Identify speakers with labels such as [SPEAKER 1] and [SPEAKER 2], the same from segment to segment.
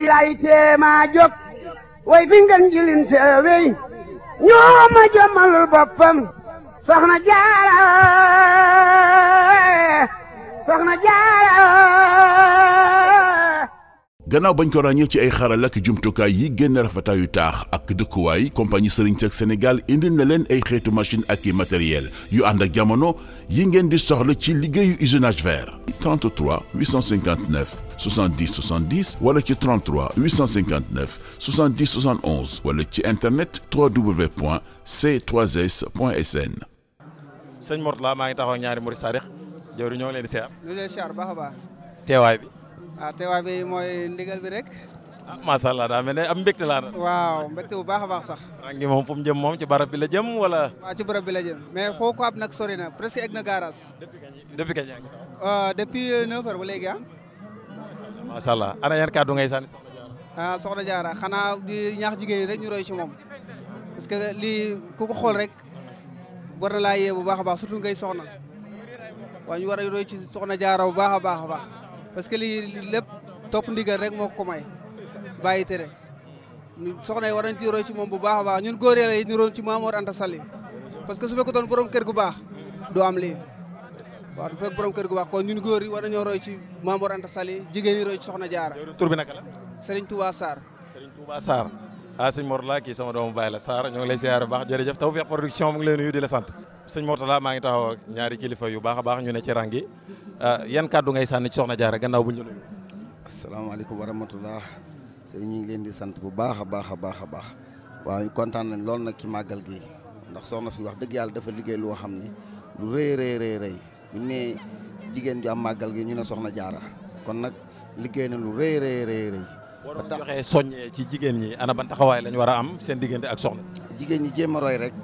[SPEAKER 1] lay way fi ngeen jilin seewey ñoo ma jommalul boppam soxna
[SPEAKER 2] gannaaw bañ ko ràññee ci ay xaral lakk jumtukaay yi génn rafetaayu taax ak dëkkuwaay compagnie Serigne Seck Sénégal indil na leen ay xeetu machine ak i matériel yu ànd ak jamono yi ngeen di soxla ci liggéeyu usinage vert. 33 859 70 70 wala ci 33 859 70 71 wala ci internet www.c3s.sn.
[SPEAKER 3] sëñ la maa ngi taxaw ñaari murid Sadiq Diop ñoo ngi leen di seetlu.
[SPEAKER 4] lu leen siyaar baax a baax. teewaay bi. waaw ah, teewaay bi mooy ndigal bi rek.
[SPEAKER 3] ah macha daa mel ne am mbégte laa
[SPEAKER 4] waaw mbégte bu baax baax sax.
[SPEAKER 3] rangi moom fu mu jëm moom ci barab bi la jëm wala.
[SPEAKER 4] waaw ci barab bi la jëm mais foo ko ab nag sori na presque egg na garage. depuis kañ depuis kañ yaa ngi ah, depuis 9 euh, heures ba léegi ah.
[SPEAKER 3] ngay sànni soxna
[SPEAKER 4] Diarra. soxna Diarra xanaa di ñaax jigéen ñi rek ñu roy ci moom parce que lii ku ko xool rek war na laa yee bu baax baax surtout ngay soxna waaw ñu war a roy ci soxna jaaro bu baax a baax a baax. parce que lii lépp topp ndigal rek moo ko may bàyyi tere soxna yi war nañ ci roy ci moom bu baax baax ñun góor yi ñu roon ci Maam Mor Anta Sali parce que su fekk doon borom kër gu baax du am lii waa du fekk borom kër gu baax kon ñun góor yi roy ci Maam Anta Sali jigéen ñi roy ci soxna Jaara tur bi naka la Serigne Touba Sarr
[SPEAKER 3] Serigne Touba Sarr ah kii sama doomu baay la Sarr ñoo ngi lay siyaare baax jërëjëf Tawfekh Production mu ngi lay di la sant sëñ Mortala maa ngi taxaw ak ñaari kilifa yu baax baax ñu ne ci
[SPEAKER 1] rang gi ah, yan kàddu ngay sànni ci soxna Jaara gannaaw bu ñu nuyu. asalaamaaleykum wa rahmatulah sëñ ñu ngi leen di sant bu baax a baax a baax a baax waaw kontaan nañ lool nag ci màggal gi ndax soxna suñu wax dëgg yàlla dafa liggéey loo xam ne lu rëy rëy rëy rëy bu jigéen ju am màggal gi ñu ne soxna Jaara kon nag liggéey na lu rëy rëy rëy rëy. boo doon soññee ci jigéen ñi ana ban taxawaay lañ war a am seen diggante ak soxna si. jigéen ñi jéem a roy rek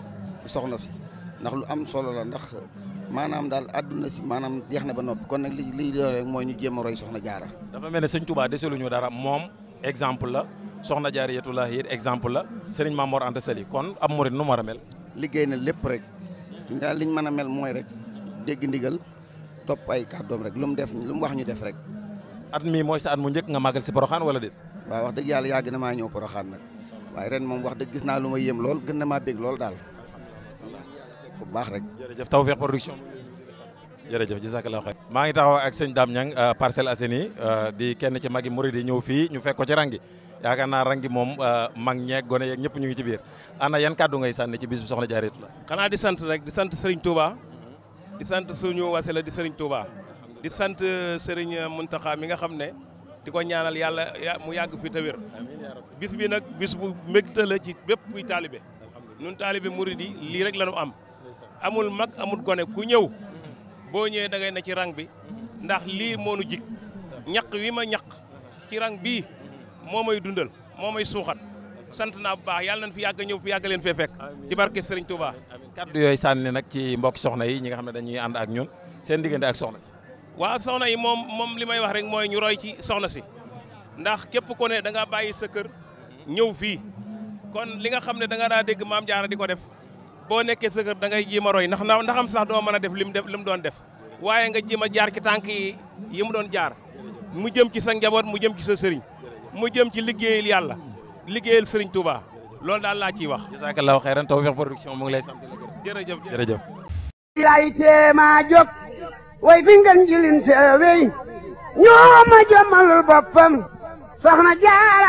[SPEAKER 1] soxna si ndax lu am solo la ndax maanaam daal àdduna si maanaam jeex na ba noppi kon nag li li doon rek mooy ñu jéem a roy soxna jaara
[SPEAKER 3] dafa mel ne sëñ Touba deselu ñu dara moom exemple la soxna jaariyatullahi it exemple la sëriñ Mamor Anta Sali kon ab murit nu
[SPEAKER 1] mu a mel liggéey na lépp rek fi nga mën a mel mooy rek dégg ndigal topp ay kàddoom rek lu mu def lu mu wax ñu def rek at mii mooy sa at mu njëkk nga màggal si poroxaan wala de waaw wax dëgg yàlla yàgg na maa ñëw poroxaan nag waaye ren moom wax dëgg gis naa lu ma yéem lool gën na maa bég lool ko bu baax rek. jërëjëf Tawfekh Production.
[SPEAKER 3] jërëjëf jazakallahu xayr maa ngi taxaw ak sëñ Dame Niang euh, Parcelles Assainies euh, di kenn ci magi murid yi ñëw fii ñu fekk ko ci rangi yaakaar naa rangi moom euh, mag ñeeg gone yeeg ñëpp ñu ngi ci biir ana yan kàddu ngay sànni ci bis bi soxna Jaaratu
[SPEAKER 2] xanaa di sant rek di sant Serigne Touba di sant suñu wasila di Serigne Touba di sant Serigne Mountakha mi nga xam ne di ko ñaanal yàlla mu yàgg fi te wér bis bi nag bis bu mbégte la ci bépp kuy taalibe nun taalibe murid lii rek la am amul mag amul gone ku ñëw boo ñëwee dangay na ci rang bi ndax lii moonu jik ñaq wi ma ñaq ci rang bii moo may dundal moo may suuxat sant naa bu baax yàlla nañ fi yàgg ñëw fi yàgg leen fee fekk ci barke Serigne Touba. kaddu
[SPEAKER 3] yooyu sànni nag ci mbokki soxna yi ñi nga xam ne dañuy ànd ak ñun seen diggante ak soxna
[SPEAKER 2] si. waaw soxna yi moom moom li may wax rek mooy ñu roy ci soxna si ndax képp ku ne da nga bàyyi sa kër ñëw fii kon li nga xam ne da nga daa dégg maam jaara di ko def boo nekkee sa kër da ngay jéem a roy ndax ndax am sax doo mën a def lim def lim doon def waaye nga jéem a jaar ci tànk yi yi mu doon jaar mu jëm ci sa njaboot mu jëm ci sa sëriñ mu jëm ci liggéeyal yàlla liggéeyal sëriñ Touba loolu daal laa ciy wax.
[SPEAKER 3] jazakallahu xayran Tawfekh Production mu ngi lay sant la jërëjëf jërëjëf.
[SPEAKER 1] lay tee maa jóg way fi ngeen jëlin sa wéy ñoo ma jëmmalul boppam soxna
[SPEAKER 2] Jaara